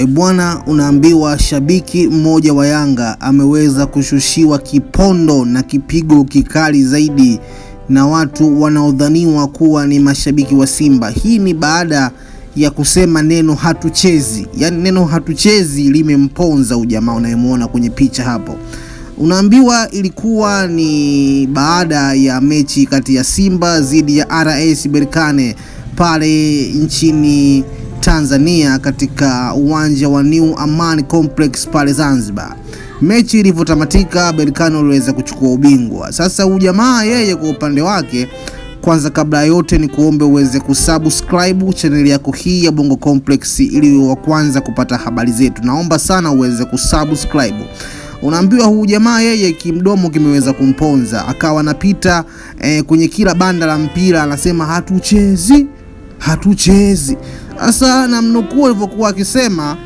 E bwana, unaambiwa shabiki mmoja wa Yanga ameweza kushushiwa kipondo na kipigo kikali zaidi na watu wanaodhaniwa kuwa ni mashabiki wa Simba. Hii ni baada ya kusema neno hatuchezi, yaani neno hatuchezi limemponza ujamaa unayemwona kwenye picha hapo. Unaambiwa ilikuwa ni baada ya mechi kati ya Simba dhidi ya RS Berkane pale nchini Tanzania katika uwanja wa New Amani Complex pale Zanzibar. Mechi ilivyotamatika, Berkane waliweza kuchukua ubingwa. Sasa ujamaa yeye kwa upande wake kwanza kabla yote ni kuombe uweze kusubscribe chaneli yako hii ya Bongo Complex ili wa kwanza kupata habari zetu. Naomba sana uweze kusubscribe. Unaambiwa huu jamaa yeye kimdomo kimeweza kumponza, akawa anapita eh, kwenye kila banda la mpira anasema hatuchezi, hatuchezi. Sasa namnukuu alivyokuwa akisema.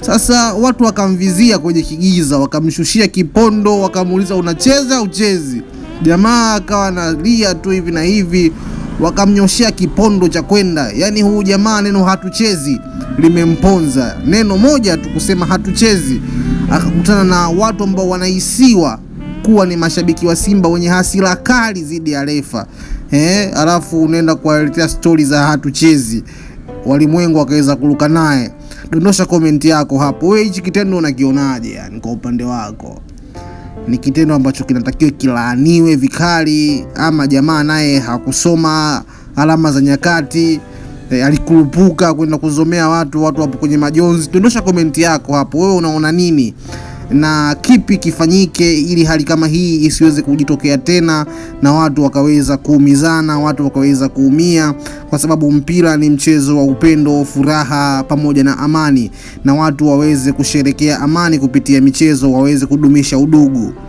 Sasa watu wakamvizia kwenye kigiza, wakamshushia kipondo, wakamuuliza unacheza uchezi? Jamaa akawa analia tu hivi na hivi, wakamnyoshea kipondo cha kwenda. Yaani huu jamaa neno hatuchezi limemponza, neno moja tu kusema hatuchezi. Akakutana na watu ambao wanahisiwa kuwa ni mashabiki wa Simba wenye hasira kali dhidi ya refa eh, alafu unaenda kuwaletea stori za hatuchezi walimwengu wakaweza kuruka naye. Dondosha komenti yako hapo, wewe hichi kitendo unakionaje? Yani kwa upande wako ni kitendo ambacho kinatakiwa kilaaniwe vikali, ama jamaa naye hakusoma alama za nyakati E, alikurupuka kwenda kuzomea watu, watu wapo kwenye majonzi. Dondosha komenti yako hapo, wewe unaona nini? na kipi kifanyike ili hali kama hii isiweze kujitokea tena na watu wakaweza kuumizana, watu wakaweza kuumia, kwa sababu mpira ni mchezo wa upendo, furaha pamoja na amani, na watu waweze kusherekea amani kupitia michezo, waweze kudumisha udugu.